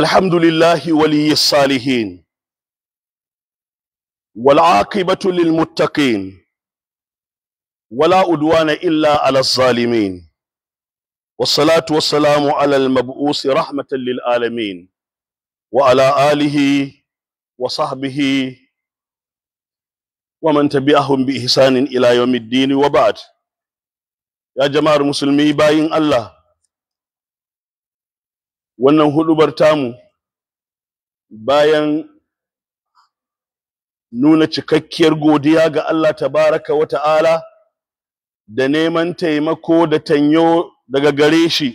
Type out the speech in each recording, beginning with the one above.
الحمد لله ولي الصالحين والعاقبة للمتقين ولا أدوان إلا على الظالمين والصلاة والسلام على المبعوث رحمة للعالمين وعلى آله وصحبه ومن تبعهم بإحسان إلى يوم الدين وبعد يا جماعة المسلمين باين الله wannan hudubar tamu bayan nuna cikakkiyar godiya ga Allah tabaraka wa ta'ala da neman taimako da tanyo daga gare shi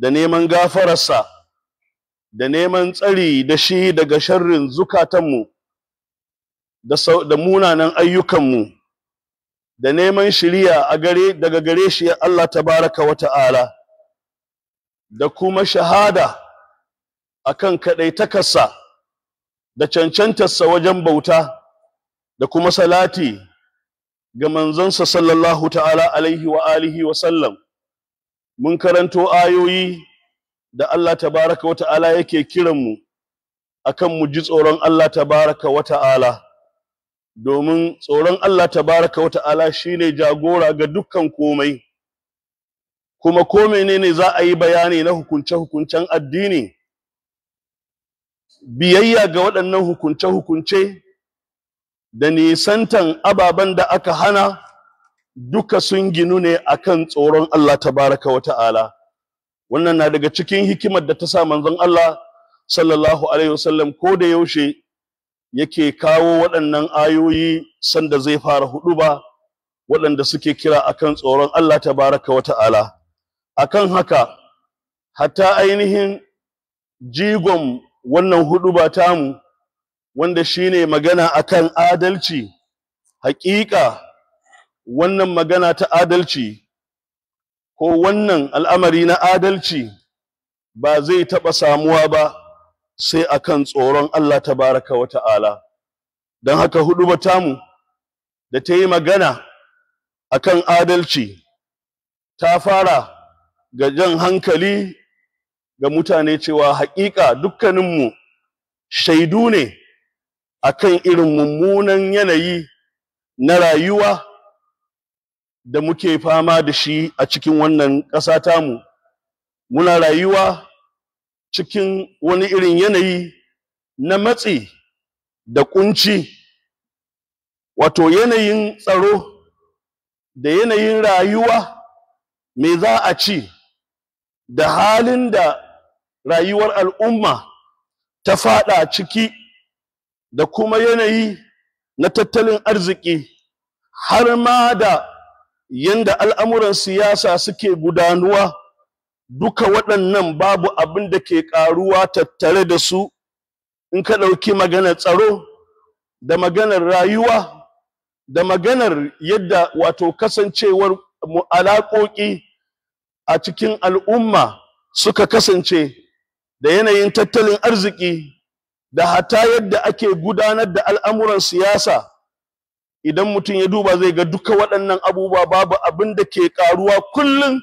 da neman gafararsa da neman tsari da shi daga sharrin zukatanmu da, da munanan ayyukanmu da neman shiriya daga gare shi Allah tabaraka wa ta'ala da kuma shahada akan kaɗaitakarsa da cancantarsa wajen bauta da kuma salati ga manzonsa sallallahu ta'ala alaihi wa alihi wa sallam mun karanto ayoyi da Allah tabaraka wa ta'ala yake kiranmu akan mu ji tsoron Allah tabaraka wa ta'ala domin tsoron Allah tabaraka wa ta'ala shine jagora ga dukkan komai kuma ko menene za a yi bayani na hukunce-hukuncen addini biyayya ga waɗannan hukunce-hukunce da nisantan ababen da aka hana duka sun ginu ne akan tsoron Allah tabaraka wa ta'ala wannan na daga cikin hikimar da ta sa manzon Allah sallallahu alaihi wasallam ko da yaushe yake kawo waɗannan ayoyi sanda zai fara hudu ba waɗanda suke kira akan tsoron Allah tabaraka wa ta'ala akan haka hatta ainihin jigon wannan huduba tamu wanda shine magana akan adalci hakika wannan magana ta adalci ko wannan al'amari na adalci ba zai taɓa samuwa ba sai akan tsoron Allah tabaraka wa ta'ala don haka hudu ba tamu da ta yi magana akan adalci ta fara ga jan hankali ga mutane cewa haƙiƙa dukkaninmu shaidu ne a kan irin mummunan yanayi na rayuwa da muke fama da shi a cikin wannan ƙasa mu, muna rayuwa cikin wani irin yanayi na matsi da ƙunci, wato yanayin tsaro da yanayin rayuwa me za a ci da halin da rayuwar al'umma ta fada ciki da kuma yanayi na tattalin arziki har ma da yanda al'amuran siyasa suke gudanuwa duka waɗannan babu abin da ke ƙaruwa tattare da su in ka ɗauki maganar tsaro da maganar rayuwa da maganar yadda wato kasancewar alaƙoƙi a cikin al'umma suka kasance da yanayin tattalin arziki da hata yadda ake gudanar da al'amuran siyasa idan mutum ya duba zai ga duka waɗannan abubuwa babu abin da ke ƙaruwa kullum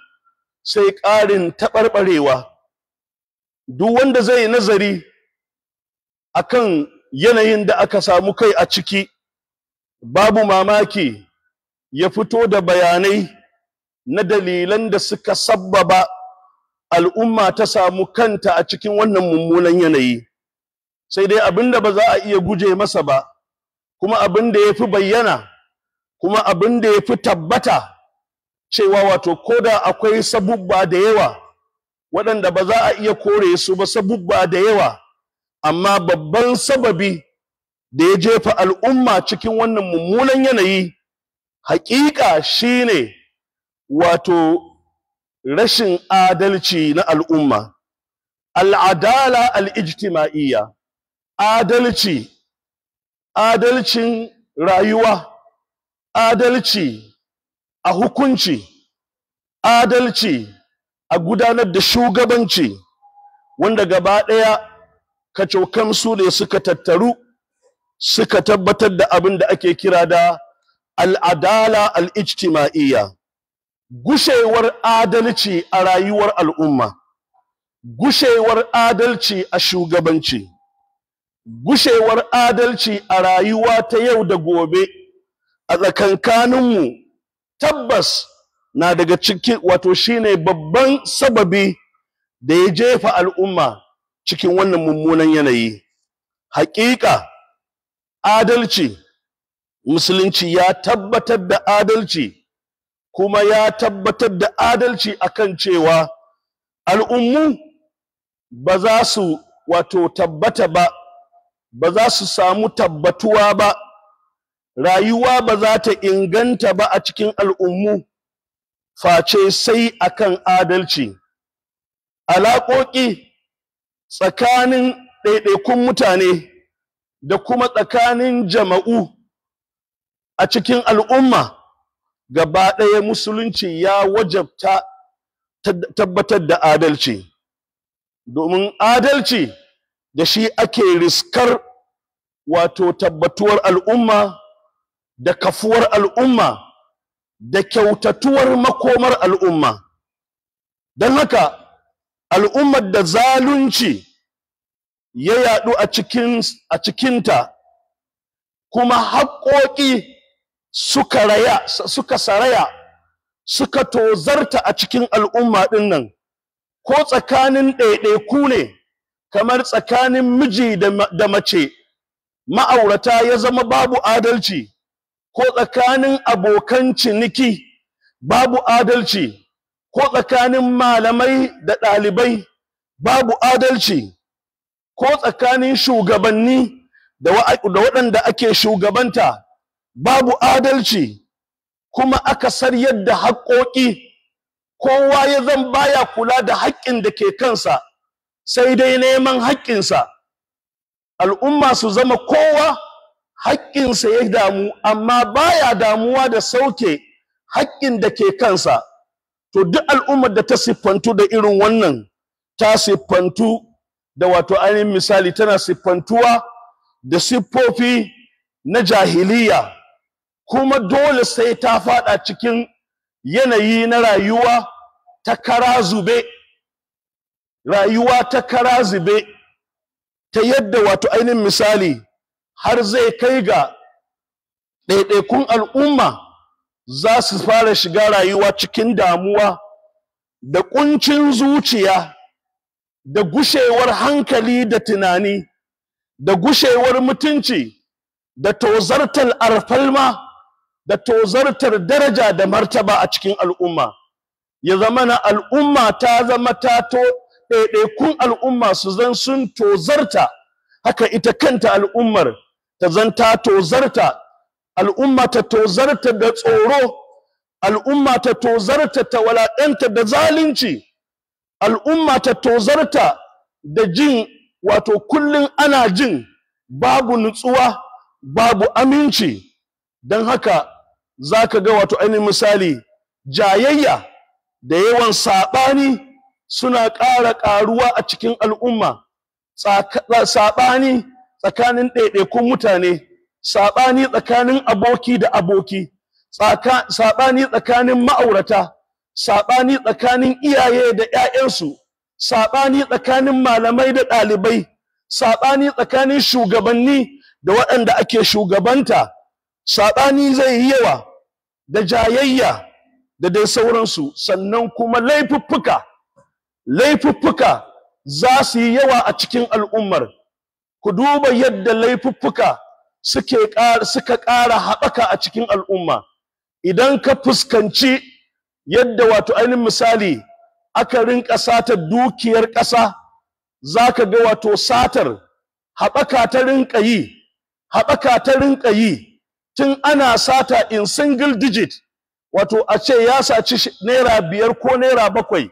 sai ƙarin taɓarɓarewa duk wanda zai yi nazari a kan yanayin da aka samu kai a ciki babu mamaki ya fito da bayanai na dalilan da suka sabbaba al'umma ta samu kanta a cikin wannan mummunan yanayi sai dai abin da ba za a iya guje masa ba kuma abin da ya fi bayyana kuma abin da ya fi tabbata cewa wato ko da akwai sabubba da yawa waɗanda ba za a iya kore su ba sabubba da yawa amma babban sababi da ya jefa al'umma cikin wannan mummunan yanayi haƙiƙa shine wato rashin adalci na al'umma al'adala al'ijtima'iyya adalci adalcin rayuwa adalci a hukunci adalci a gudanar da shugabanci wanda gaba ɗaya kacokan su ne suka tattaru suka tabbatar da abin da ake kira da al'adala al'ijtima'iyya gushewar adalci a rayuwar al'umma gushewar adalci a shugabanci gushewar adalci a rayuwa ta yau da gobe a tsakankaninmu tabbas na daga ciki wato shine babban sababi da ya jefa al'umma cikin wannan mummunan yanayi haƙiƙa adalci musulunci ya tabbatar da adalci kuma ya tabbatar da adalci akan cewa al'ummu ba za su wato tabbata ba ba za su samu tabbatuwa ba rayuwa ba za ta inganta ba a cikin al'ummu face sai akan adalci alaƙoƙi tsakanin ɗaiɗaikun mutane da kuma tsakanin jama'u a cikin al'umma gaba ɗaya musulunci ya wajabta tabbatar da adalci domin adalci da shi ake riskar wato tabbatuwar al'umma da kafuwar al'umma da kyautatuwar makomar al'umma don haka al'ummar da zalunci ya yaɗu a cikinta kuma haƙoƙi suka raya suka saraya suka tozarta a cikin al'umma din nan ko tsakanin ɗaiɗaiku ne kamar tsakanin miji da mace ma'aurata ya zama babu adalci ko tsakanin abokan ciniki babu adalci ko tsakanin malamai da ɗalibai babu adalci ko tsakanin shugabanni da waɗanda ake shugabanta babu adalci kuma aka saryar da haƙoƙi kowa ya zan baya kula da haƙƙin da ke kansa sai dai neman haƙƙinsa al'umma su zama kowa haƙƙinsa ya damu amma baya damuwa da sauke haƙƙin da ke kansa to duk al'ummar da ta siffantu da irin wannan ta siffantu da wato ainihin misali tana siffantuwa da siffofi na jahiliya kuma dole sai ta fada cikin yanayi na rayuwa ta kara zube rayuwa ta kara zube ta yadda wato ainihin misali har zai kai ga ɗaiɗaikun al'umma za su fara shiga rayuwa cikin damuwa da ƙuncin zuciya da gushewar hankali da tunani da gushewar mutunci da tozartar arfalma da tozartar daraja da martaba a cikin al'umma ya zama na al'umma ta zama ta to ɗaiɗaikun al'umma su zan sun tozarta haka ita kanta al'ummar ta zan ta tozarta al'umma ta tozarta da tsoro al'umma ta tozarta ta walaɗanta da zalunci al'umma ta tozarta da jin wato kullum ana jin babu nutsuwa babu aminci don haka za ka ga wato ainihin misali jayayya da yawan saɓani suna ƙara ƙaruwa a cikin al'umma saɓani tsakanin ɗaiɗaikun mutane saɓani tsakanin aboki da aboki saɓani tsakanin ma'aurata saɓani tsakanin iyaye da 'ya'yansu saɓani tsakanin malamai da ɗalibai saɓani tsakanin shugabanni da waɗanda ake shugabanta saɓani zai yi yawa da jayayya da dai sauransu sannan kuma laifuffuka laifuffuka za su yi yawa a cikin al'ummar ku duba yadda laifuffuka suke suka ƙara haɓaka a cikin al'umma idan ka fuskanci yadda wato ainihin misali aka rinƙa satar dukiyar ƙasa za ka ga wato satar haɓaka ta rinƙa yi haɓaka ta rinƙa yi tun ana sata in single digit wato a ce ya saci naira biyar ko naira bakwai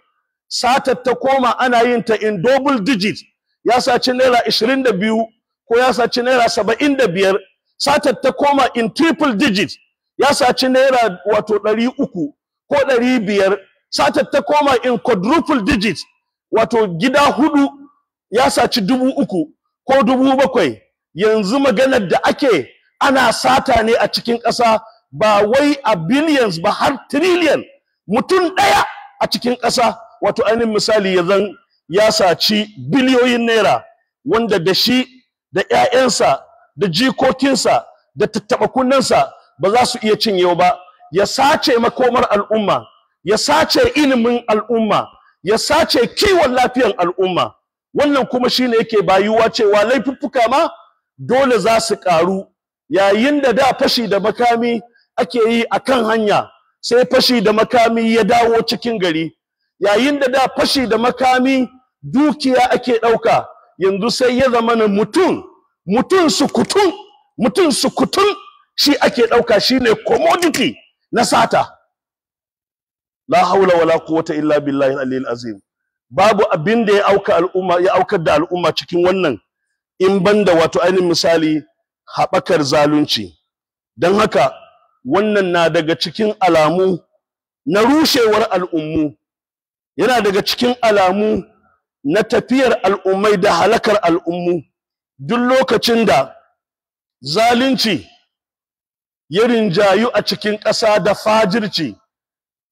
satar ta koma ana yin ta in double digit ya saci naira ishirin da biyu ko ya saci naira saba'in da biyar satar ta koma in triple digit ya saci naira wato ɗari uku ko ɗari biyar satar ta koma in quadruple digit wato gida hudu ya saci dubu uku ko dubu bakwai yanzu maganar da ake ana sata ne a cikin ƙasa ba wai a billions ba har trillion mutum ɗaya a cikin ƙasa wato ainihin misali ya zan ya saci biliyoyin naira wanda da shi da 'ya'yansa da jikokinsa da tattaɓa ba za su iya yau ba ya sace makomar al'umma ya sace ilimin al'umma ya sace kiwon lafiyan al'umma wannan kuma shine yake bayuwa cewa laifuffuka ma dole za su ƙaru yayin da da fashi da makami ake yi a kan hanya sai fashi da makami ya dawo cikin gari yayin da da fashi da makami dukiya ake ɗauka yanzu sai ya zama na mutum mutum sukutun mutum sukutun shi ake ɗauka shi ne commodity na sata la haula wala quwwata illa billahi aliyil azim babu abin da ya auka al'umma ya aukar da al'umma cikin wannan in banda wato ainihin misali haɓakar zalunci don haka wannan na daga cikin alamu na rushewar al'ummu yana daga cikin alamu na tafiyar al'ummai da halakar al'ummu duk lokacin da zalunci ya rinjayu a cikin ƙasa da fajirci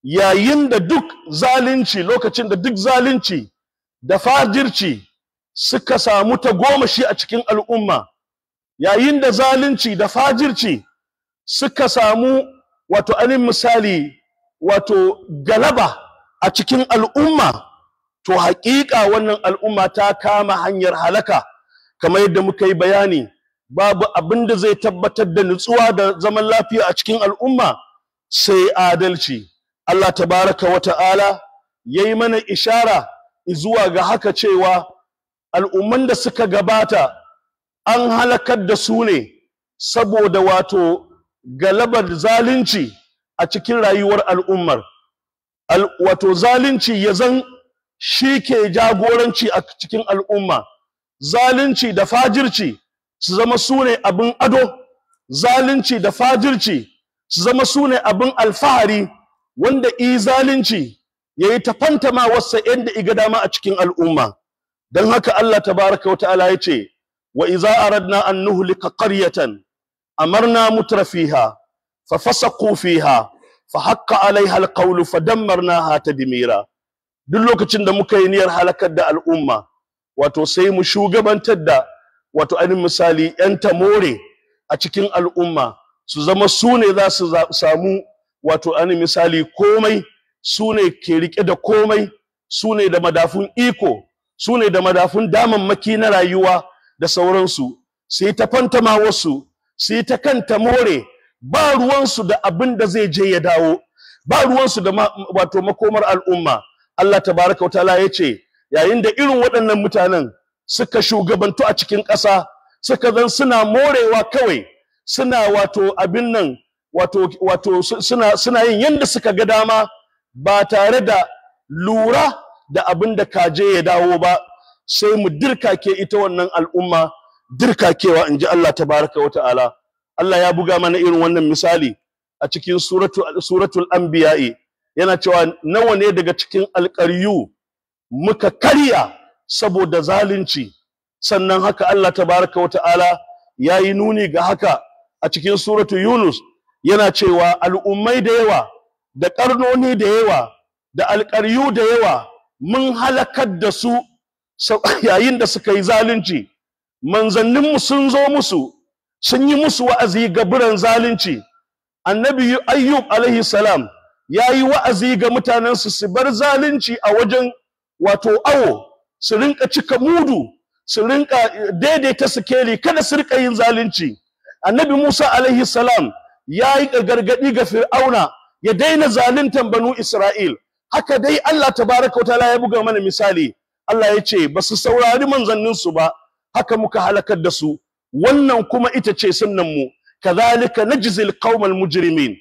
yayin da duk zalunci lokacin da duk zalunci da fajirci suka samu ta goma shi a cikin al'umma yayin da zalunci da fajirci suka samu wato alin misali wato galaba a cikin al'umma to haƙiƙa wannan al'umma ta kama hanyar halaka kamar yadda muka yi bayani babu abin da zai tabbatar da nutsuwa da zaman lafiya a cikin al'umma sai adalci Allah tabaraka wa ta'ala ya yi mana ishara zuwa ga haka cewa al'umman da suka gabata an halakar da su ne saboda wato galabar zalunci a cikin rayuwar al'ummar wato zalunci ya zan shi ke jagoranci a cikin al'umma zalunci da fajirci su zama su ne abin ado zalunci da fajirci su zama su ne abin alfahari wanda i zalunci ya yi tafanta ma wasa yadda iga dama a cikin al'umma don haka Allah tabaraka wa ta'ala ya ce wa idza aradna an nuhlika qaryatan amarna mutrafiha fafasaqu fiha fa haqqa alaiha alqawlu fadammarnaha tadmira duk lokacin da muka yi niyyar halakar da al'umma wato sai mu shugabantar da wato ainihin misali yan tamore a cikin al'umma su zama su ne za su samu wato ainihin misali komai su ne ke rike da komai su ne da madafun iko su ne da madafun damammaki na rayuwa da sauransu su yi ta fantama wasu su yi ta kanta more ba ruwansu da abin da zai je ya dawo ba ruwansu da wato makomar al'umma Allah Ta baraka wataala ya ce yayin da irin waɗannan mutanen suka shugabantu a cikin ƙasa suka zan suna morewa kawai suna wato abin nan wato suna yin yadda suka ga dama ba tare da lura da abin da kaje ya dawo ba sai mu dirkake ita wannan al'umma dirkakewa ji Allah tabaraka wa ta'ala Allah ya buga mana irin wannan misali a cikin suratul suratul anbiya'i yana cewa nawa ne daga cikin alƙaryu muka karya saboda zalunci sannan haka Allah tabaraka wa ta'ala yayi nuni ga haka a cikin suratu Yunus yana cewa al'ummai da yawa da ƙarnoni da yawa da alƙaryu da yawa mun halakar da su yayin da suka yi zalunci manzanninmu sun zo musu sun yi musu wa'azi ga biran zalunci annabi ayyub alaihi salam ya yi wa'azi ga mutanensu su bar zalunci a wajen wato awo su rinka cika mudu su rinka daidaita sikeli kada su rika yin zalunci annabi musa alaihi salam ya yi gargaɗi ga fir'auna ya daina zaluntan banu isra'il haka dai allah tabaraka wa ta'ala ya buga mana misali Allah ya ce ba su saurari manzanninsu ba haka muka halakar da su wannan kuma ita ce sunnan mu kazalika najzil qaumal mujrimin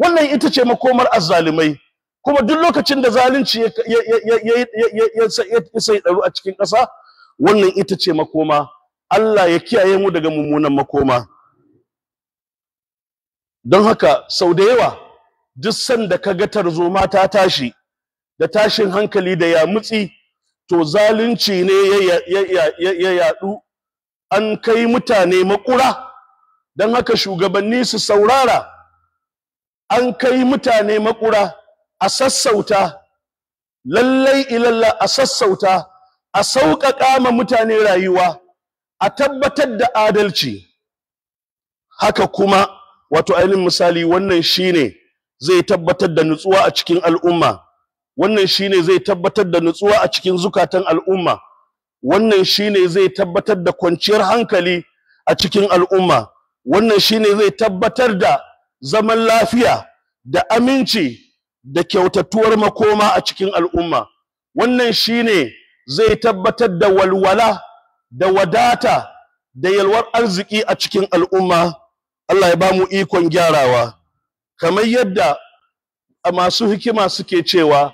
wannan ita ce makomar azzalimai kuma duk lokacin da zalunci ya sai daru a cikin ƙasa wannan ita ce makoma Allah ya kiyaye mu daga mummunan makoma don haka sau da yawa duk sanda ka ga tarzoma ta tashi da tashin hankali da ya mutsi to zalunci ne ya yaɗu an kai mutane makura don haka shugabanni su saurara an kai mutane makura a sassauta lallai ilalla a sassauta a sauƙaƙa ma mutane rayuwa a tabbatar da adalci haka kuma wato ainihin misali wannan shine zai tabbatar da nutsuwa a cikin al'umma wannan shine zai tabbatar da nutsuwa a cikin zukatan al'umma wannan shine zai tabbatar da kwanciyar hankali a cikin al'umma wannan shine zai tabbatar da zaman lafiya da aminci da kyautatuwar makoma a cikin al'umma wannan shine zai tabbatar da walwala da wadata da yalwar arziki a cikin al'umma Allah ya ba mu ikon gyarawa kamar yadda masu hikima suke cewa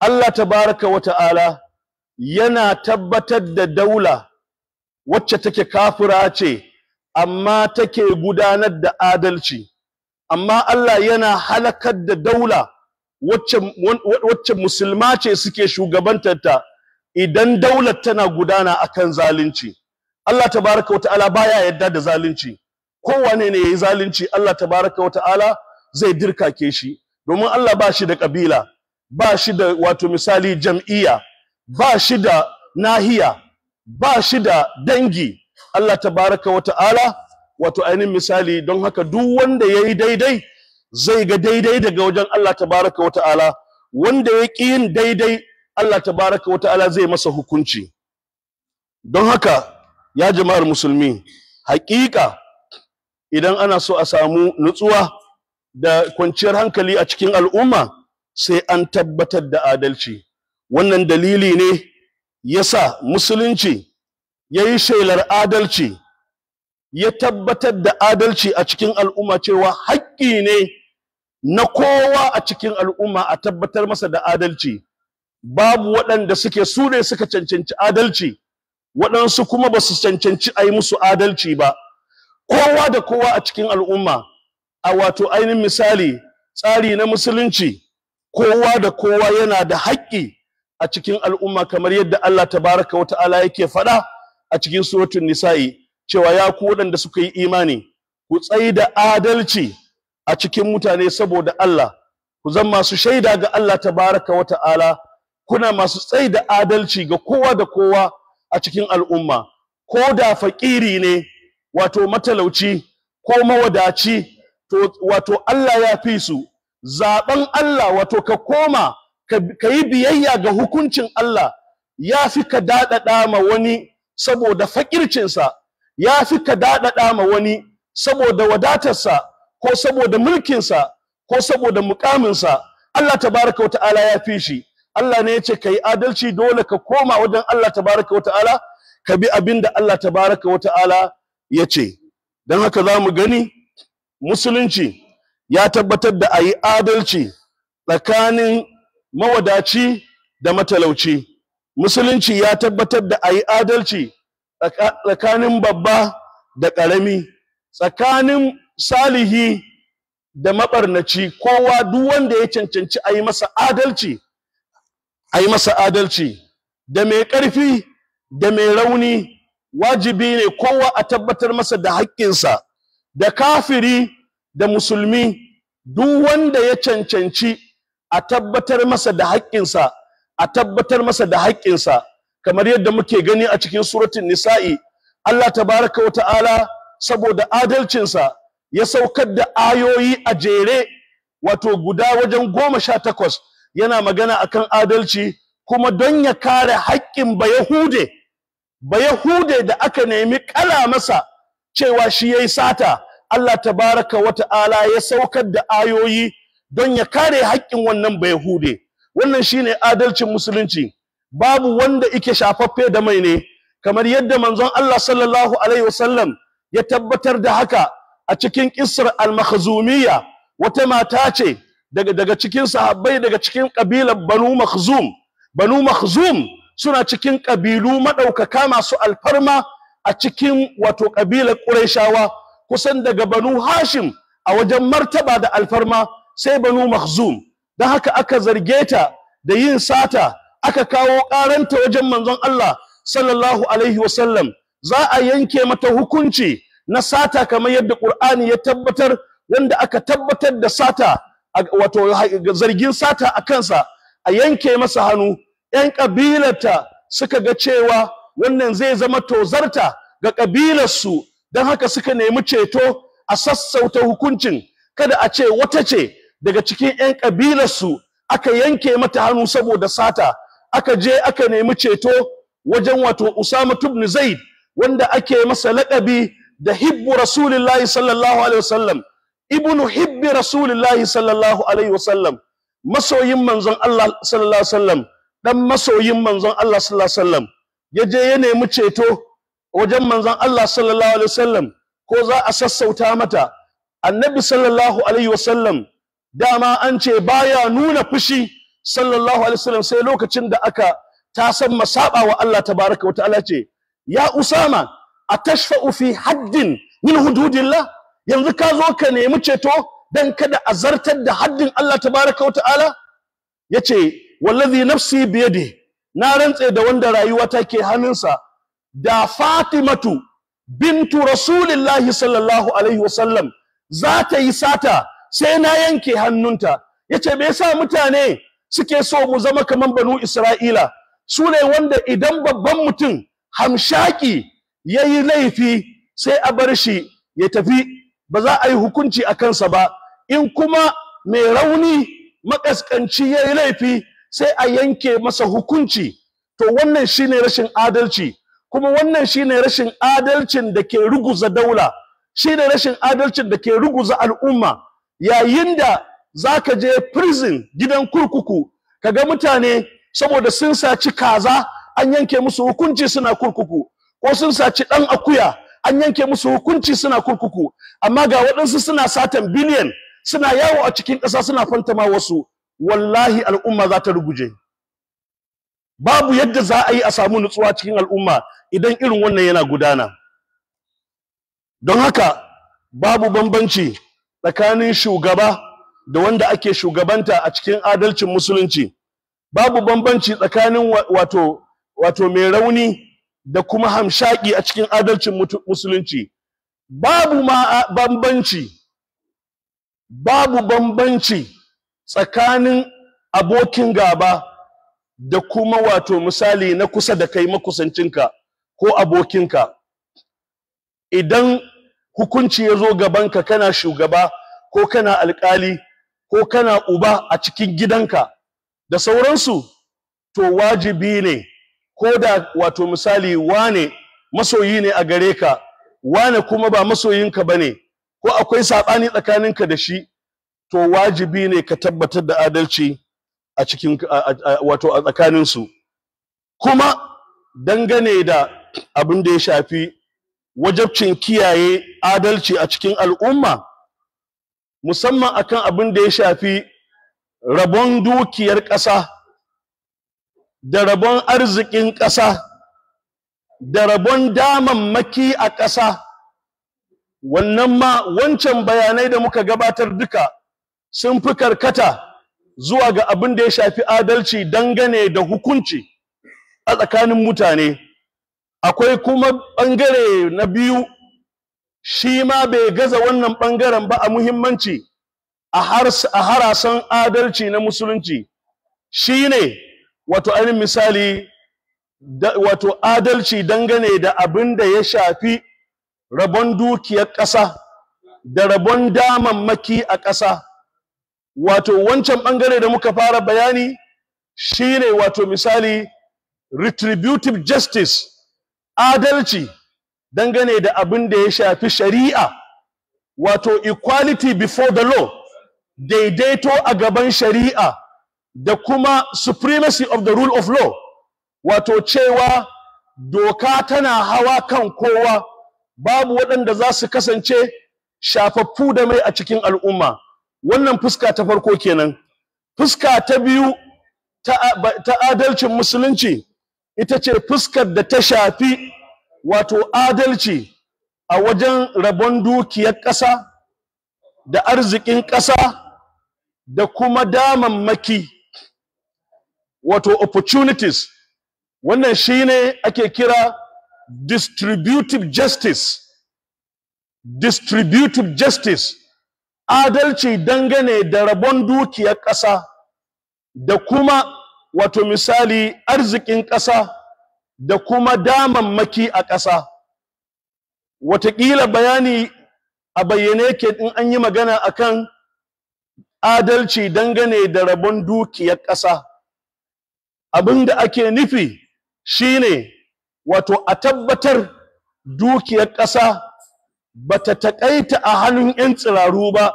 Allah tabaraka wa ta'ala yana tabbatar da daula wacce take kafura ce amma take gudanar da adalci amma Allah yana halakar da daula wacce musulma ce suke shugabantarta idan daular tana gudana akan zalunci Allah tabaraka wata'ala baya yadda da zalunci kowane ne yayi zalunci Allah tabaraka wata'ala zai dirka ke shi domin Allah ba shi da ƙabila. ba shi da wato misali jam'iyya ba shi da nahiya ba shi da dangi Allah tabaraka wa ta'ala wato ainihin misali don haka duk wanda ya yi daidai zai ga daidai daga wajen Allah tabaraka wa ta'ala wanda ya ƙi yin daidai Allah tabaraka wa ta'ala zai masa hukunci don haka ya jama'ar musulmi haƙiƙa idan ana so a samu nutsuwa da kwanciyar hankali a cikin al'umma sai an tabbatar da adalci wannan dalili ne yasa musulunci ya yi shelar adalci ya tabbatar da adalci a cikin al'umma cewa haƙƙi ne na kowa a cikin al'umma a tabbatar masa da adalci babu waɗanda suke su ne suka cancanci adalci waɗansu kuma ba su cancanci a yi musu adalci ba kowa da kowa a cikin al'umma a wato ainihin misali tsari na musulunci kowa da kowa yana da haƙƙi a cikin al'umma kamar yadda Allah tabaraka wa ta'ala yake faɗa a cikin suratul nisa'i cewa ya ku waɗanda suka yi imani ku tsayi da adalci a cikin mutane saboda Allah ku zan masu shaida ga Allah tabaraka wa ta'ala kuna masu tsayi da adalci ga kowa da kowa a cikin al'umma ko da faƙiri ne wato matalauci ko mawadaci to wato Allah ya fi su zaben Allah wato ka koma ka yi biyayya ga hukuncin Allah ya fi ka daɗaɗa ma wani saboda faƙircinsa, ya fi ka daɗaɗa ma wani saboda wadatarsa ko saboda mulkinsa ko saboda mukaminsa Allah tabaraka ta'ala ya fi shi Allah ne ya ce ka yi adalci dole ka koma wajen Allah tabaraka ta'ala, ka bi abin da Allah tabaraka ta'ala ya ce don haka za mu gani musulunci ya tabbatar da a yi adalci tsakanin mawadaci da matalauci musulunci ya tabbatar da a yi adalci tsakanin babba da ƙarami tsakanin salihi da maɓarnaci kowa duk wanda ya cancanci a yi masa adalci a yi masa adalci da mai ƙarfi da mai rauni wajibi ne kowa a tabbatar masa da haƙƙinsa da kafiri da musulmi duk wanda ya cancanci a tabbatar masa da haƙƙinsa a tabbatar masa da haƙƙinsa kamar yadda muke gani a cikin suratun nisa'i Allah tabaraka wa ta'ala saboda adalcinsa ya saukar da ayoyi a jere wato guda wajen goma sha takwas yana magana a kan adalci kuma don ya kare haƙƙin bayahude bayahude da aka nemi kala masa cewa shi ya yi sata Allah tabaraka wa ta'ala ya saukar da ayoyi don ya kare haƙƙin wannan bayahude wannan shine adalcin musulunci babu wanda yake shafaffe da mai ne kamar yadda manzon Allah sallallahu alaihi wasallam ya tabbatar da haka a cikin kissar al-makhzumiyya wata mata ce daga daga cikin sahabbai daga cikin kabilar banu makhzum banu makhzum suna cikin kabilu madaukaka masu alfarma a cikin wato kabilar qurayshawa kusan daga banu hashim a wajen martaba da alfarma sai banu mahzum Da haka aka zarge ta da yin sata aka kawo karanta wajen manzon Allah sallallahu alaihi wasallam za a yanke mata hukunci na sata kamar yadda Qur'ani ya tabbatar wanda aka tabbatar da sata wato zargin sata a kansa a yanke masa hannu ƴan kabilarta suka ga cewa wannan zai zama tozarta ga kabilarsu don haka suka nemi ceto a sassauta hukuncin kada a ce wata ce daga cikin 'yan ƙabilarsu aka yanke mata hannu saboda sata aka je aka nemi ceto wajen wato Usama ibn Zaid wanda ake masa laƙabi da hibbu rasulillahi sallallahu alaihi wasallam ibnu hibbi rasulillahi sallallahu alaihi wasallam masoyin manzon Allah sallallahu alaihi wasallam dan masoyin manzon Allah sallallahu alaihi wasallam ya je ya nemi ceto wajen manzon Allah sallallahu alaihi wasallam ko za a sassauta mata annabi sallallahu alaihi wasallam dama an ce baya nuna fushi sallallahu alaihi wasallam sai lokacin da aka ta san masaba wa Allah tabaraka wa ta'ala ce ya usama atashfa'u fi haddin min hududillah yanzu ka zo ka nemi ceto dan kada a zartar da haddin Allah tabaraka wa ta'ala yace wallazi nafsi biyadi na rantse da wanda rayuwa take hannunsa da fatimatu bintu rasulullahi sallallahu alaihi wasallam za ta yi sata sai na yanke hannunta yace me yasa mutane suke so mu zama kaman banu isra'ila su ne wanda idan babban mutum hamshaki yayi laifi sai a bar shi ya tafi ba za a yi hukunci a kansa ba in kuma mai rauni makaskanci yayi laifi sai a yanke masa hukunci to wannan shine rashin adalci kuma wannan shine rashin adalcin da ke ruguza daula shine rashin adalcin da ke ruguza al'umma yayin da za ka je prison gidan kurkuku ka ga mutane saboda sun saci kaza an yanke musu hukunci suna kurkuku ko sun saci ɗan akuya an yanke musu hukunci suna kurkuku amma ga waɗansu suna satan biliyan suna yawo a cikin ƙasa suna fantama wasu wallahi al'umma za ta ruguje babu yadda za a yi a samu nutsuwa cikin al'umma idan irin wannan yana gudana don haka babu bambanci tsakanin shugaba da wanda ake shugabanta a cikin adalcin musulunci babu bambanci tsakanin wato wato mai rauni da kuma hamshaki a cikin adalcin musulunci babu ma bambanci babu bambanci tsakanin abokin gaba da kuma wato misali na kusa da kai makusancinka ko abokinka idan hukunci ya zo gabanka kana shugaba ko kana alkali ko kana uba a cikin gidanka da sauransu to wajibi ne ko da wato misali wane masoyi ne a gare ka wane kuma ba masoyinka ba ne ko akwai saɓani tsakaninka da shi to wajibi ne ka tabbatar da adalci a cikin wato a tsakanin su kuma dangane da abin da ya shafi wajabcin kiyaye adalci a cikin al'umma musamman akan abin da ya shafi rabon dukiyar ƙasa da rabon arzikin ƙasa da rabon damammaki a ƙasa wannan ma wancan bayanai da muka gabatar duka sun fi karkata zuwa ga abin da ya shafi adalci dangane da hukunci a tsakanin mutane akwai kuma ɓangare na biyu shi ma bai gaza wannan bangaren ba a muhimmanci a harasan adalci na musulunci shi ne wato ainihin misali wato adalci dangane da abin da ya shafi rabon dukiyar ƙasa da rabon damammaki a ƙasa wato wancan bangare da muka fara bayani shine wato misali retributive justice adalci dangane da abin da ya shafi shari'a wato equality before the law daidaito a gaban shari'a da kuma supremacy of the rule of law wato cewa doka tana hawa kan kowa babu waɗanda za su kasance shafaffu da mai a cikin al'umma wannan fuska ta farko kenan fuska ta biyu ta adalcin musulunci ita ce fuskar da ta shafi wato adalci a wajen rabon dukiyar ƙasa da arzikin ƙasa da kuma damammaki wato opportunities wannan shi ne ake kira distributive justice distributive justice adalci dangane da rabon dukiyar ƙasa da kuma wato misali arzikin ƙasa da kuma damammaki a ƙasa wataƙila bayani a bayyane yake in an yi magana akan adalci dangane da rabon dukiyar ƙasa abin da ake nufi shine wato a tabbatar dukiyar ƙasa bata taƙaita a hannun 'yan tsiraru ba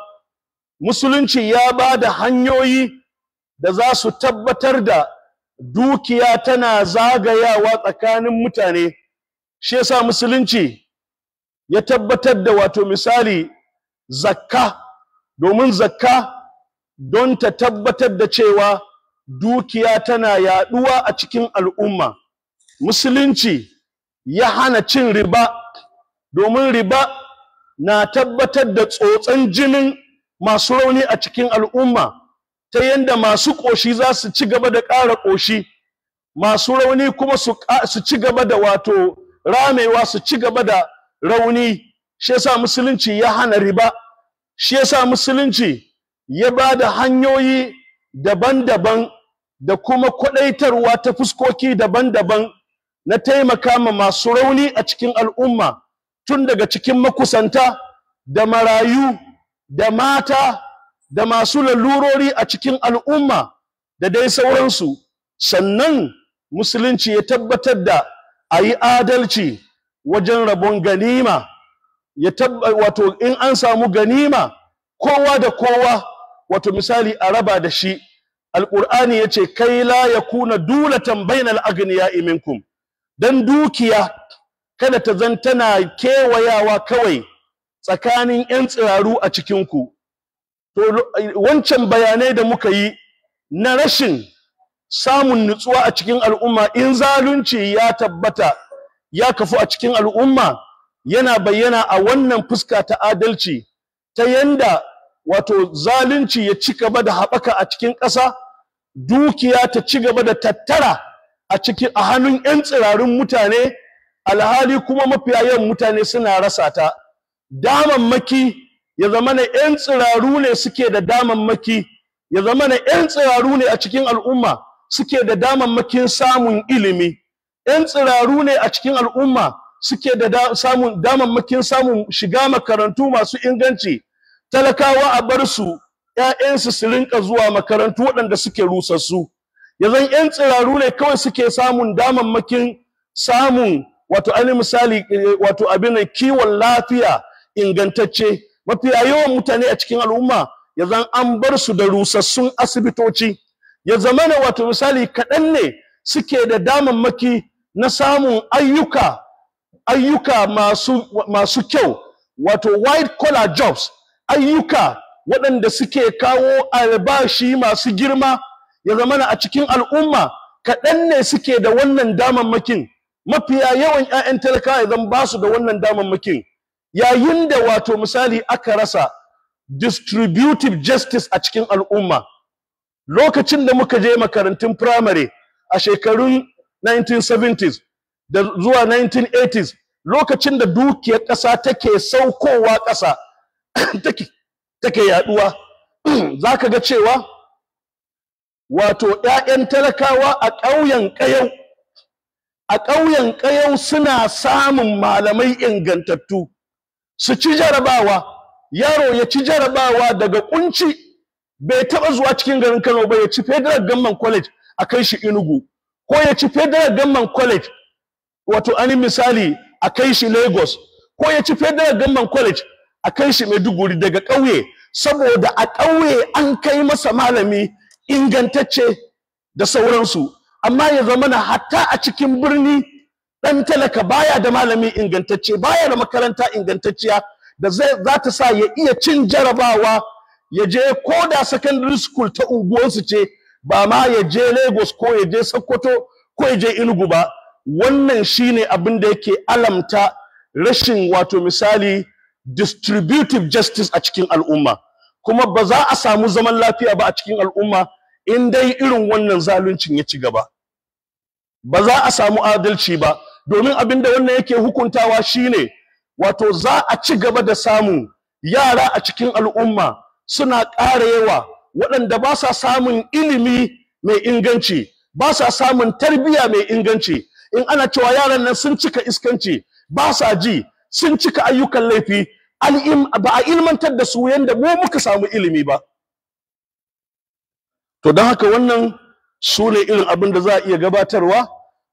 musulunci ya ba da hanyoyi da za su tabbatar da dukiya tana zagayawa tsakanin mutane shi yasa musulunci ya tabbatar da wato misali zakka domin zakka don ta tabbatar da cewa dukiya tana yaɗuwa a cikin al'umma musulunci ya hana cin riba domin riba na tabbatar da tsotsan jinin masu rauni a cikin al'umma ta yadda masu ƙoshi za su ci gaba da ƙara ƙoshi masu rauni kuma su ci gaba da wato ramewa su ci gaba da rauni shi yasa musulunci ya hana riba shi yasa musulunci ya ba da hanyoyi daban-daban da kuma kwaɗaitarwa ta fuskoki daban-daban na taimaka ma masu rauni a cikin al'umma tun daga cikin makusanta da marayu da mata da masu lalurori a cikin al'umma da dai sauransu sannan musulunci ya tabbatar da a yi adalci wajen rabon ganima ya wato in an samu ganima kowa da kowa wato misali a raba da shi alƙur'ani ya ce kai la ya kuna dulatan bainal agniya iminkum dan dukiya kada ta zan tana kewayawa kawai tsakanin 'yan tsiraru a cikinku to wancan bayanai da muka yi na rashin samun nutsuwa a cikin al'umma in zalunci ya tabbata ya kafu a cikin al'umma yana bayyana a wannan fuska ta adalci ta yanda wato zalunci ya ci gaba da haɓaka a cikin ƙasa dukiya ta ci gaba da tattara a cikin a hannun 'yan tsirarin mutane alhali kuma mafiya yawan mutane suna rasa ta damammaki ya zama na ƴan tsiraru ne suke da damammaki ya zama na ƴan tsiraru ne a cikin al'umma suke da damammakin samun ilimi ƴan tsiraru ne a cikin al'umma suke da samun damammakin samun shiga makarantu masu inganci talakawa a bar su ƴaƴansu su rinka zuwa makarantu waɗanda suke rusassu ya zan ƴan tsiraru ne kawai suke samun damammakin samun wato ainihin misali eh, wato abin kiwon lafiya ingantacce mafiya yawan mutane a cikin al'umma ya zan an bar su da rusassun asibitoci ya zama zamana wato misali kaɗan ne suke da damammaki na samun ayyuka ayyuka masu, masu kyau wato white collar jobs ayyuka waɗanda suke kawo albashi masu girma ya zamana a cikin al'umma kaɗan ne suke da wannan damammakin mafiya yawan 'ya'yan talakawa idan ba su da wannan damammakin yayin da wato misali aka rasa distributive justice a cikin al'umma lokacin da muka je makarantun primary a shekarun 1970s da zuwa 1980s lokacin da dukiyar ƙasa take saukowa ƙasa take yaduwa za ka ga cewa wato ‘ya'yan talakawa a ƙauyen ƙayau a ƙauyen ƙayau suna samun malamai ingantattu su ci jarabawa yaro ya ci jarabawa daga kunci bai taba zuwa cikin garin Kano ba ya ci Federal Gamman College a kai shi Enugu ko ya ci Federal Gamman College wato ani misali a kai shi Lagos ko ya ci Federal Gamman College a kai shi Maiduguri daga ƙauye saboda a ƙauye an kai masa malami ingantacce da sauransu amma ya zama na hatta a cikin birni dan talaka baya da malami ingantacce baya da makaranta ingantacciya da zai za ta sa ya iya cin jarabawa ya je ko da secondary school ta unguwarsu ce ba ma ya je Lagos ko ya je Sokoto ko ya je Enugu ba wannan shine abin da yake alamta rashin wato misali distributive justice a cikin al'umma kuma ba za a samu zaman lafiya ba a cikin al'umma in dai irin wannan zaluncin ya ci gaba ba za a samu adalci ba domin abin da wannan yake hukuntawa shine wato za a ci gaba da samu yara a cikin al'umma suna ƙara yawa waɗanda ba sa samun ilimi mai inganci ba sa samun tarbiyya mai inganci in ana cewa yaran nan sun cika iskanci ba sa ji sun cika ayyukan laifi ba a ilmantar da su yadda mu muka samu ilimi ba to don haka wannan su ne irin abin da za a iya gabatarwa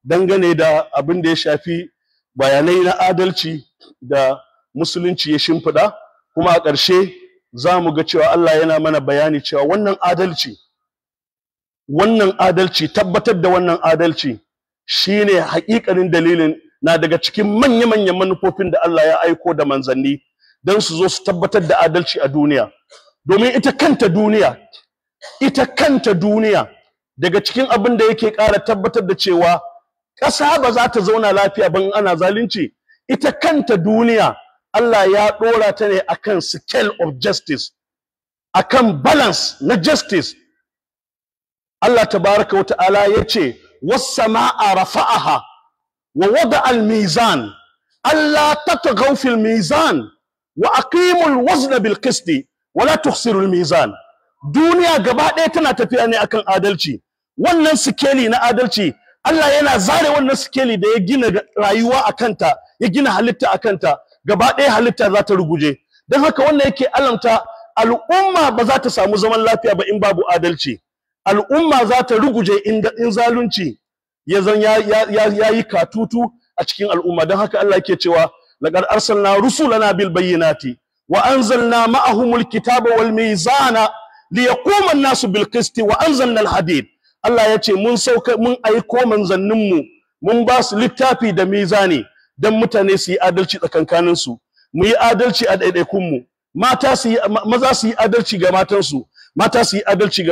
dangane da abin da ya shafi bayanai na adalci da musulunci ya shimfiɗa kuma a ƙarshe za mu ga cewa Allah yana mana bayani cewa wannan adalci wannan adalci tabbatar da wannan adalci shine haƙiƙanin dalilin na daga cikin manya-manyan manufofin da Allah ya aiko da manzanni don su zo su tabbatar da adalci a duniya domin ita kanta duniya ita kanta duniya daga cikin abin da yake ƙara tabbatar da cewa ƙasa ba za ta zauna lafiya ban ana zalunci ita kanta duniya Allah ya ɗora ta ne akan scale of justice akan balance na justice Allah tabaraka wa ta'ala ya ce was-sama'a rafa'aha wa wada'a al-mizan Allah tatghaw fil mizan wa aqimul wazna bil qist wa la tukhsiru al-mizan duniya gaba ɗaya tana tafiya ne akan adalci wannan scale na adalci Allah yana zare wannan sikeli da ya gina rayuwa a kanta ya gina halitta a kanta gaba ɗaya halitta za ta ruguje don haka wannan yake alamta al'umma ba za ta samu zaman lafiya ba in babu adalci al'umma za ta ruguje in zalunci ya zan ya yi katutu a cikin al'umma don haka Allah yake cewa laƙar arsalna rusulana bil bayyinati wa anzalna ma'ahumul kitaba wal mizana liyaquma an-nasu bil qisti wa anzalna al hadid Allah ya ce mun sauka mun aiko manzanninmu mun ba su littafi da mizani don mutane su yi adalci tsakankaninsu mu yi adalci a ɗaiɗaikunmu mata su maza su yi adalci ga matansu mata su yi adalci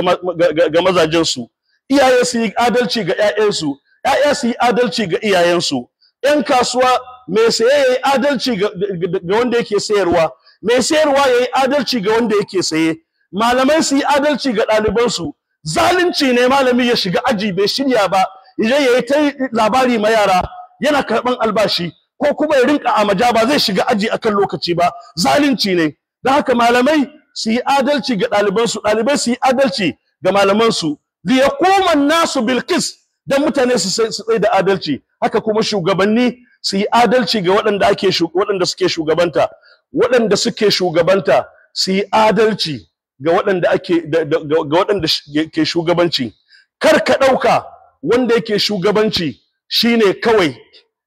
ga mazajensu iyaye su yi adalci ga 'ya'yansu 'ya'ya su yi adalci ga iyayensu 'yan kasuwa mai saye ya yi adalci ga wanda yake sayarwa mai sayarwa ya yi adalci ga wanda yake saye malamai su yi adalci ga ɗalibansu zalunci ne malami ya shiga aji bai shirya ba ya yi ta labari ma yara yana karban albashi ko kuma ya rinka amaja ba zai shiga aji akan lokaci ba zalunci ne don haka malamai su yi adalci ga ɗalibansu ɗalibai su yi adalci ga malamansu koma nasu bilkis don mutane su tsaye da adalci haka kuma shugabanni su yi adalci ga suke shugabanta waɗanda suke shugabanta su yi adalci ga waɗanda ake ga waɗanda ke shugabanci kar ka ɗauka wanda yake shugabanci shine kawai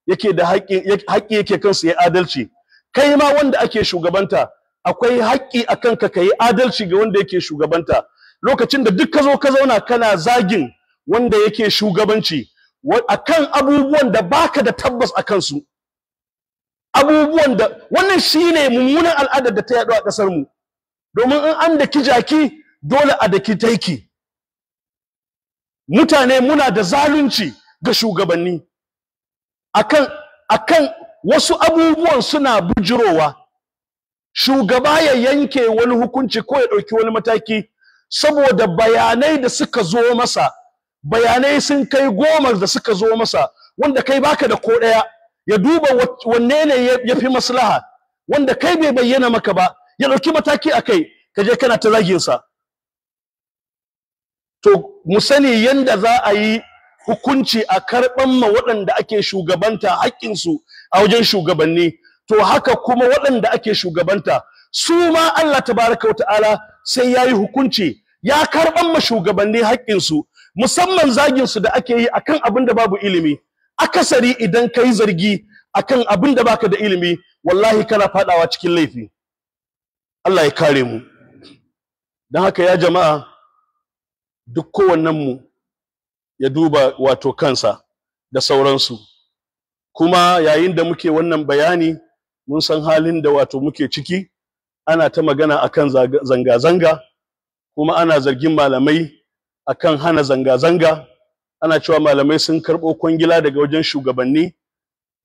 yake da haƙƙi yake kansu ya adalci kai ma wanda ake shugabanta akwai haƙƙi a kanka ka yi adalci ga wanda yake shugabanta lokacin da duk ka zo ka zauna kana zagin wanda yake shugabanci akan abubuwan da baka da tabbas a kansu abubuwan da wannan shine mummunan al'adar da ta yaɗu a ƙasar mu domin in an daki jaki dole a daki taiki mutane muna da zalunci ga shugabanni akan akan wasu abubuwan suna bujirowa shugaba ya yanke wani hukunci ko ya ɗauki wani mataki saboda bayanai da suka zo masa bayanai sun kai goma da suka zo masa wanda kai baka da ko ɗaya ya duba wanne ne ya fi maslaha wanda kai bai bayyana maka ba ya ɗauki mataki a kai ka je kana ta zaginsa to mu sani yanda za a yi hukunci a karɓan ma waɗanda ake shugabanta haƙƙinsu a wajen shugabanni to haka kuma waɗanda ake shugabanta su ma Allah tabaraka wa ta'ala sai ya yi hukunci ya karɓan ma shugabanni haƙƙinsu musamman zaginsu da ake yi akan abin da babu ilimi akasari idan ka yi zargi akan abin da baka da ilimi wallahi kana faɗawa cikin laifi Allah ya kare mu don haka ya jama'a duk kowannenmu ya duba wato kansa da sauransu kuma yayin da muke wannan bayani mun san halin da wato muke ciki ana ta magana akan zanga-zanga kuma ana zargin malamai akan hana zanga-zanga ana cewa malamai sun karɓo kwangila daga wajen shugabanni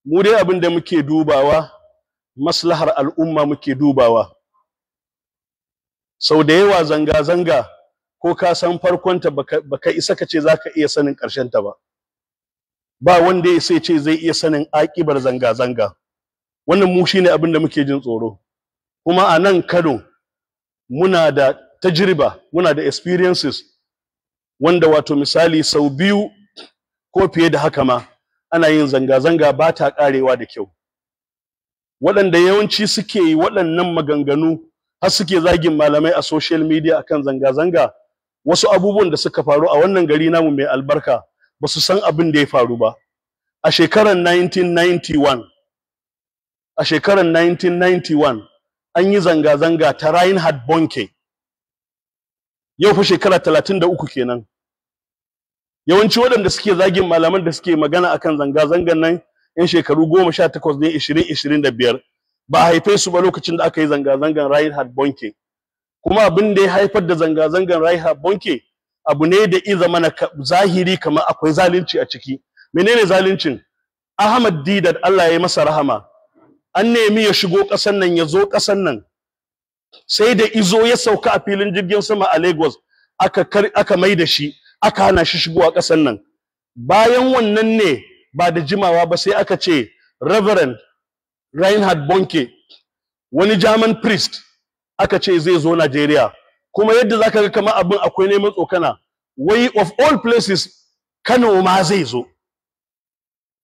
mu dai abin da muke dubawa maslahar al'umma muke dubawa sau da yawa zanga-zanga ko ka san farkonta ka isa ka ce za ka iya sanin ta ba ba wanda ya sai ce zai iya sanin aƙibar zanga-zanga wannan mu shine abin da muke jin tsoro kuma a nan kano muna da tajriba muna da experiences wanda wato misali sau biyu ko fiye da haka ma ana yin zanga-zanga ba ta ƙarewa da kyau waɗanda yawanci suke yi waɗannan maganganu har suke zagin malamai a social media akan zanga-zanga wasu abubuwan da suka faru a wannan gari namu mai albarka ba su san abin da ya faru ba a shekarar 1991 a shekarar 1991 an yi zanga-zanga ta Reinhard Bonke yau fa shekara 33 kenan yawanci waɗanda suke zagin malaman da suke magana akan zanga-zangan nan yan shekaru goma sha takwas ne da biyar. ba haife su ba lokacin da aka yi zanga-zangan Reinhard Bonke kuma abin da ya haifar da zanga-zangan Reinhard Bonke abu ne da zama mana zahiri kamar akwai zalunci a ciki menene zaluncin Ahmad Didat Allah ya yi masa rahama an nemi ya shigo ƙasar nan ya zo ƙasar nan sai da izo ya sauka a filin jirgin sama a Lagos aka aka mai da shi aka hana shi shigowa ƙasar nan bayan wannan ne ba da jimawa ba sai aka ce reverend reinhard bonke wani german priest aka ce zai zo najeriya kuma yadda zaka ga kamar abin akwai neman tsokana wai of all places kano ma zai zo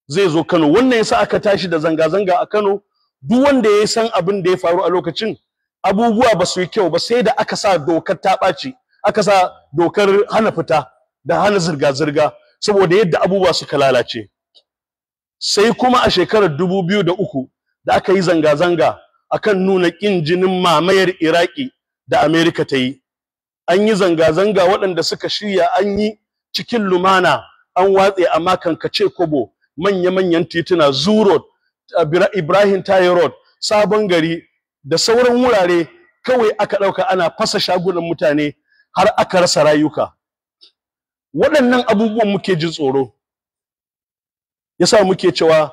zai zo kano wannan yasa aka tashi da zanga-zanga a kano duk wanda ya san abin da ya faru a lokacin abubuwa ba su yi kyau ba sai da aka sa dokar ta ɓaci aka sa dokar hana fita da hana zirga-zirga saboda yadda abubuwa suka lalace sai kuma a shekarar dubu biyu da uku da aka yi zanga-zanga akan nuna ƙin jinin mamayar iraki da amerika ta yi an yi zanga-zanga waɗanda suka shirya an yi cikin lumana an watse makan kace kobo manya-manyan tituna zurot ibrahim road, sabon gari da sauran wurare kawai aka ɗauka ana fasa shagunan mutane har aka rasa rayuka waɗannan abubuwan muke jin tsoro yasa muke cewa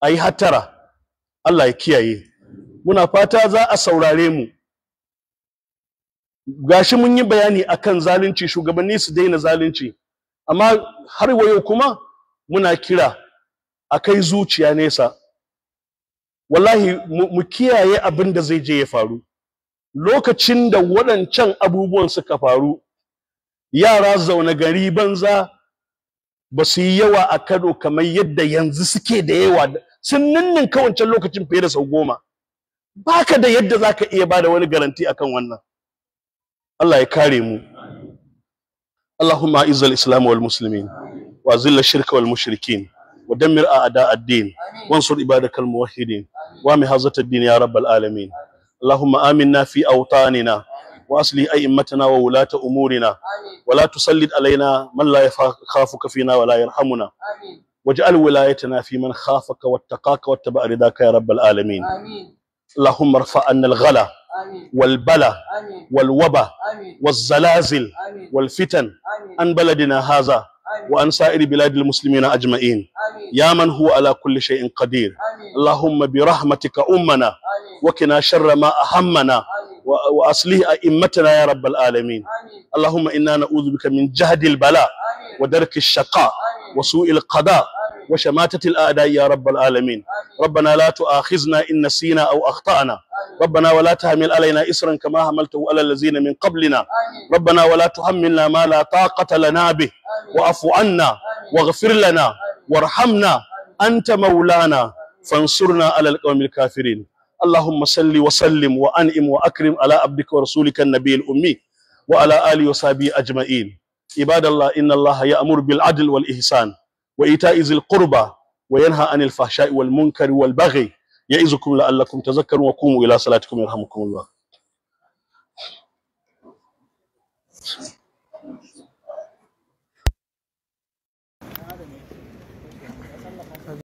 ayi hattara Allah ya kiyaye muna fata za a saurare mu gashi mun yi bayani akan zalunci shugabanni su daina zalunci amma har wayo kuma muna kira a kai zuciya nesa wallahi mu kiyaye abin da zai je ya faru lokacin da waɗancan abubuwan suka faru yara zaune gari banza ba su yi yawa a Kano kamar yadda yanzu suke da yawa sun ninninka wancan lokacin fiye da sau goma baka da yadda zaka iya bada wani garanti akan wannan Allah ya kare mu اللهم اعز الاسلام والمسلمين واذل الشرك والمشركين ودمر اعداء الدين وانصر عبادك الموحدين وام هذا الدين يا رب العالمين اللهم امنا في اوطاننا واصلح ائمتنا وولاة امورنا ولا تسلط علينا من لا يخافك فينا ولا يرحمنا واجعل ولايتنا في من خافك واتقاك واتبع رضاك يا رب العالمين آمين. اللهم ارفع عنا الغلا والبلا والوبا والزلازل والفتن عن بلدنا هذا وعن سائر بلاد المسلمين أجمعين يا من هو على كل شيء قدير اللهم برحمتك أمنا وكنا شر ما أهمنا وأصله أئمتنا يا رب العالمين اللهم إنا نعوذ بك من جهد البلاء ودرك الشقاء وسوء القضاء وشماتة الأعداء يا رب العالمين ربنا لا تؤاخذنا إن نسينا أو أخطأنا ربنا ولا تحمل علينا إسرا كما حملته على الذين من قبلنا ربنا ولا تحملنا ما لا طاقة لنا به واعف عنا واغفر لنا وارحمنا أنت مولانا فانصرنا على القوم الكافرين اللهم صل وسلم وانعم واكرم على عبدك ورسولك النبي الامي وعلى اله وصحبه اجمعين عباد الله ان الله يامر بالعدل والاحسان وايتاء ذي القربى وينهى عن الفحشاء والمنكر والبغي يعظكم لعلكم تذكرون وقوموا الى صلاتكم يرحمكم الله